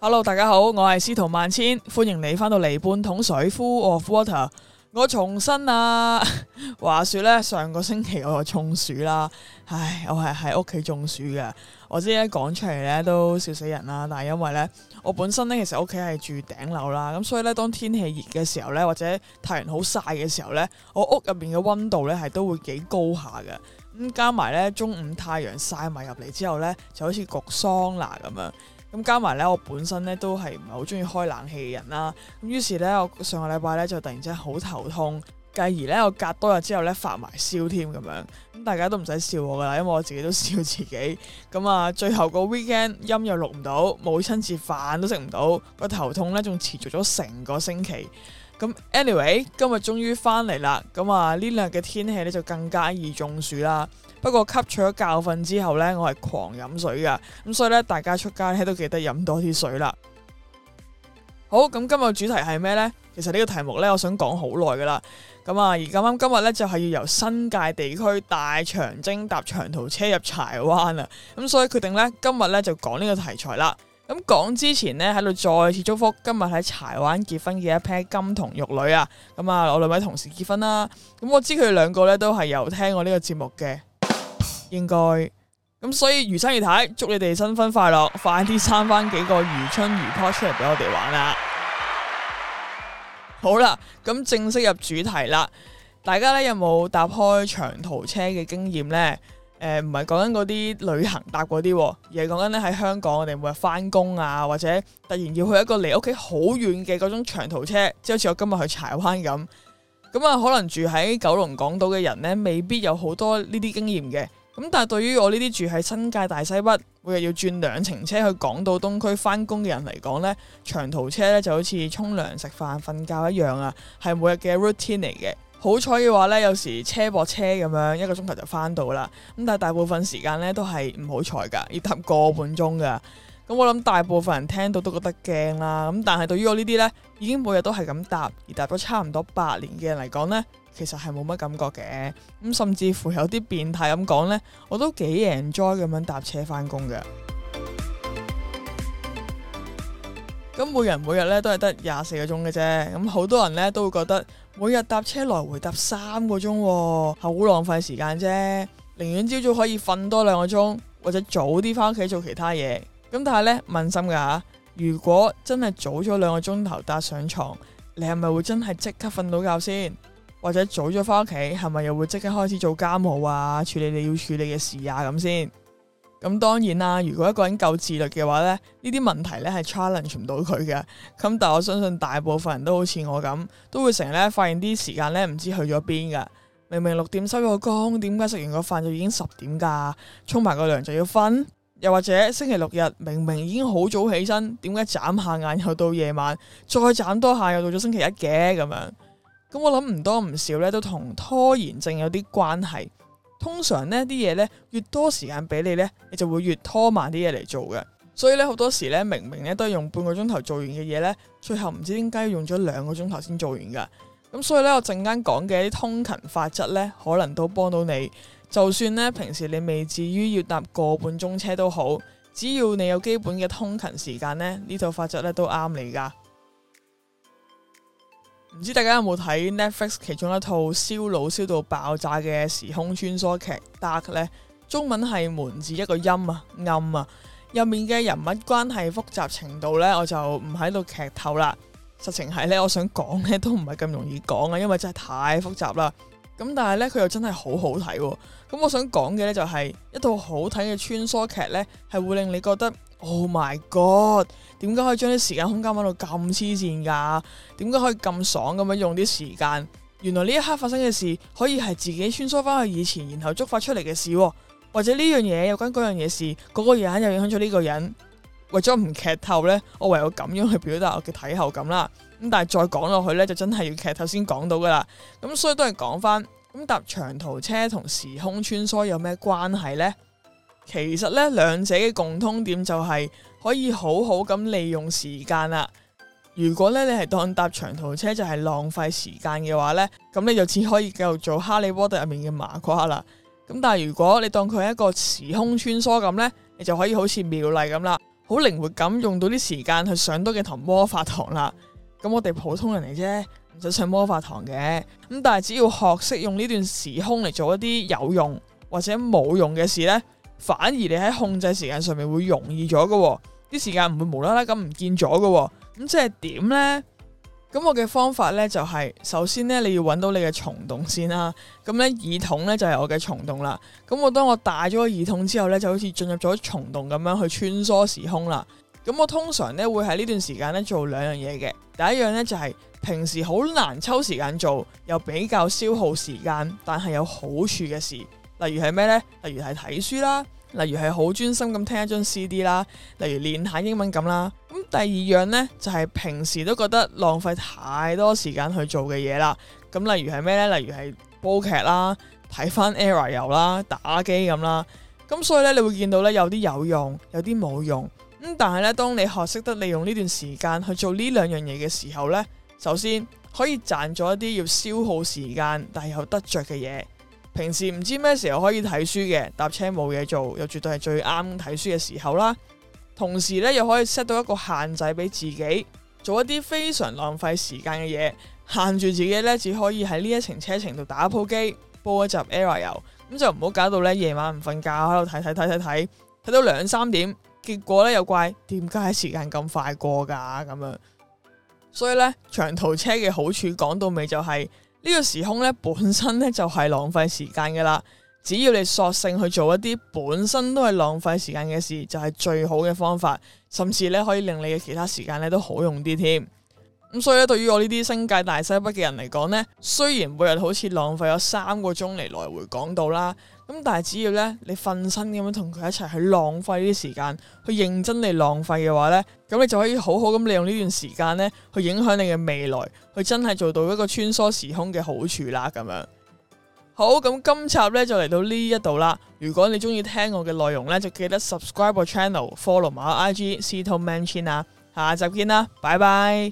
hello，大家好，我係司徒萬千，歡迎你翻到嚟半桶水夫 of water。我重新啊， 話說咧，上個星期我又中暑啦，唉，我係喺屋企中暑嘅。我知咧講出嚟咧都笑死人啦，但係因為咧，我本身咧其實屋企係住頂樓啦，咁所以咧當天氣熱嘅時候咧，或者太陽好曬嘅時候咧，我屋入邊嘅溫度咧係都會幾高下嘅。咁加埋咧中午太陽曬埋入嚟之後咧，就好似焗桑拿咁樣。咁加埋咧，我本身咧都係唔係好中意開冷氣嘅人啦。咁於是咧，我上個禮拜咧就突然之間好頭痛，繼而咧我隔多日之後咧發埋燒添咁樣。咁大家都唔使笑我噶啦，因為我自己都笑自己。咁啊，最後個 weekend 音又錄唔到，母親節飯都食唔到，個頭痛咧仲持續咗成個星期。咁，anyway，今日終於翻嚟啦，咁啊呢兩日嘅天氣呢就更加易中暑啦。不過吸取咗教訓之後呢，我係狂飲水噶，咁所以呢，大家出街呢都記得飲多啲水啦。好，咁今日主題係咩呢？其實呢個題目呢，我想講好耐噶啦。咁啊，而咁啱今日呢就係要由新界地區大長征搭長途車入柴灣啦，咁所以決定呢，今日呢就講呢個題材啦。咁講之前呢，喺度再次祝福今日喺柴灣結婚嘅一批金童玉女啊！咁啊，我兩位同事結婚啦，咁我知佢哋兩個呢，都係有聽我呢個節目嘅，應該咁，所以餘生二太祝你哋新婚快樂，快啲生翻幾個餘春如波出嚟俾我哋玩啦！好啦，咁正式入主題啦，大家呢，有冇搭開長途車嘅經驗呢？誒唔係講緊嗰啲旅行搭嗰啲，而係講緊呢，喺香港我哋每日返工啊，或者突然要去一個離屋企好遠嘅嗰種長途車，即好似我今日去柴灣咁。咁、嗯、啊，可能住喺九龍港島嘅人呢，未必有好多呢啲經驗嘅。咁但係對於我呢啲住喺新界大西北，每日要轉兩程車去港島東區返工嘅人嚟講呢，長途車呢就好似沖涼、食飯、瞓覺一樣啊，係每日嘅 routine 嚟嘅。好彩嘅話呢，有時車駁車咁樣一個鐘頭就返到啦。咁但係大部分時間呢，都係唔好彩噶，要搭個半鐘噶。咁我諗大部分人聽到都覺得驚啦。咁但係對於我呢啲呢，已經每日都係咁搭而搭咗差唔多八年嘅人嚟講呢，其實係冇乜感覺嘅。咁甚至乎有啲變態咁講呢，我都幾 enjoy 咁樣搭車返工噶。咁每人每日呢，都係得廿四個鐘嘅啫。咁好多人呢，都會覺得。每日搭車來回搭三個鐘，係好浪費時間啫。寧願朝早可以瞓多兩個鐘，或者早啲返屋企做其他嘢。咁但係呢，問心㗎，如果真係早咗兩個鐘頭搭上床，你係咪會真係即刻瞓到覺先？或者早咗返屋企，係咪又會即刻開始做家務啊？處理你要處理嘅事啊？咁先。咁當然啦，如果一個人夠自律嘅話呢，呢啲問題呢係 challenge 唔到佢嘅。咁但係我相信大部分人都好似我咁，都會成日呢發現啲時間呢唔知去咗邊㗎。明明六點收咗工，點解食完個飯就已經十點㗎？沖埋個涼就要瞓，又或者星期六日明明已經好早起身，點解眨下眼又到夜晚，再眨多下又到咗星期一嘅咁樣？咁我諗唔多唔少呢都同拖延症有啲關係。通常呢啲嘢呢，越多時間俾你呢，你就會越拖慢啲嘢嚟做嘅。所以呢，好多時呢，明明呢都係用半個鐘頭做完嘅嘢呢，最後唔知點解要用咗兩個鐘頭先做完噶。咁所以呢，我陣間講嘅啲通勤法則呢，可能都幫到你。就算呢，平時你未至於要搭個半鐘車都好，只要你有基本嘅通勤時間呢，呢套法則呢都啱你噶。唔知大家有冇睇 Netflix 其中一套燒腦燒到爆炸嘅時空穿梭劇《Dark》咧？中文係門字一個音啊，闇啊！入面嘅人物關係複雜程度咧，我就唔喺度劇透啦。實情係咧，我想講咧都唔係咁容易講啊，因為真係太複雜啦。咁、嗯、但係呢，佢又真係好好睇、哦。咁、嗯、我想講嘅、就係、呢，就係一套好睇嘅穿梭劇呢，係會令你覺得 Oh my God，點解可以將啲時間空間玩到咁黐線噶？點解可以咁爽咁樣用啲時間？原來呢一刻發生嘅事，可以係自己穿梭返去以前，然後觸發出嚟嘅事、哦，或者呢樣嘢又關嗰樣嘢事，嗰、那個人又影響咗呢個人。為咗唔劇透呢，我唯有咁樣去表達我嘅睇後感啦。咁但係再講落去呢，就真係要劇透先講到噶啦。咁所以都係講翻，咁搭長途車同時空穿梭有咩關係呢？其實呢，兩者嘅共通點就係、是、可以好好咁利用時間啦。如果呢，你係當搭長途車就係浪費時間嘅話呢，咁你就只可以繼續做哈利波特入面嘅麻瓜啦。咁但係如果你當佢係一個時空穿梭咁呢，你就可以好似妙麗咁啦。好靈活咁用到啲時間去上多幾堂魔法堂啦，咁我哋普通人嚟啫，唔使上魔法堂嘅。咁但係只要學識用呢段時空嚟做一啲有用或者冇用嘅事呢，反而你喺控制時間上面會容易咗㗎，啲時間唔會無啦啦咁唔見咗㗎，咁即係點呢？咁我嘅方法呢，就係、是，首先呢，你要揾到你嘅蟲洞先啦，咁呢耳筒呢，就係、是、我嘅蟲洞啦。咁我當我戴咗個耳筒之後呢，就好似進入咗蟲洞咁樣去穿梭時空啦。咁我通常呢，會喺呢段時間呢做兩樣嘢嘅，第一樣呢，就係、是、平時好難抽時間做，又比較消耗時間，但係有好處嘅事，例如係咩呢？例如係睇書啦。例如係好專心咁聽一張 C D 啦，例如練下英文咁啦。咁第二樣呢，就係、是、平時都覺得浪費太多時間去做嘅嘢啦。咁例如係咩呢？例如係煲劇啦、睇翻 era 遊啦、打機咁啦。咁所以呢，你會見到呢有啲有用，有啲冇用。咁但係呢，當你學識得利用呢段時間去做呢兩樣嘢嘅時候呢，首先可以賺咗一啲要消耗時間但係又得着嘅嘢。平時唔知咩時候可以睇書嘅，搭車冇嘢做又絕對係最啱睇書嘅時候啦。同時呢，又可以 set 到一個限制俾自己，做一啲非常浪費時間嘅嘢，限住自己呢，只可以喺呢一程車程度打鋪機，煲一集 Airy 油，咁就唔好搞到呢夜晚唔瞓覺喺度睇睇睇睇睇睇到兩三點，結果呢，又怪點解時間咁快過噶咁、啊、樣。所以呢，長途車嘅好處講到尾就係、是。呢個時空咧本身咧就係浪費時間㗎喇，只要你索性去做一啲本身都係浪費時間嘅事，就係最好嘅方法，甚至咧可以令你嘅其他時間咧都好用啲添。咁所以咧，對於我呢啲新界大西北嘅人嚟講呢，雖然每日好似浪費咗三個鐘嚟來，來回港島啦，咁但係只要呢，你瞓身咁樣同佢一齊去浪費啲時間，去認真嚟浪費嘅話呢，咁你就可以好好咁利用呢段時間呢，去影響你嘅未來，去真係做到一個穿梭時空嘅好處啦。咁樣好，咁今集呢就嚟到呢一度啦。如果你中意聽我嘅內容呢，就記得 subscribe 個 channel，follow 我 IG，szetomanchin 啊。下集見啦，拜拜。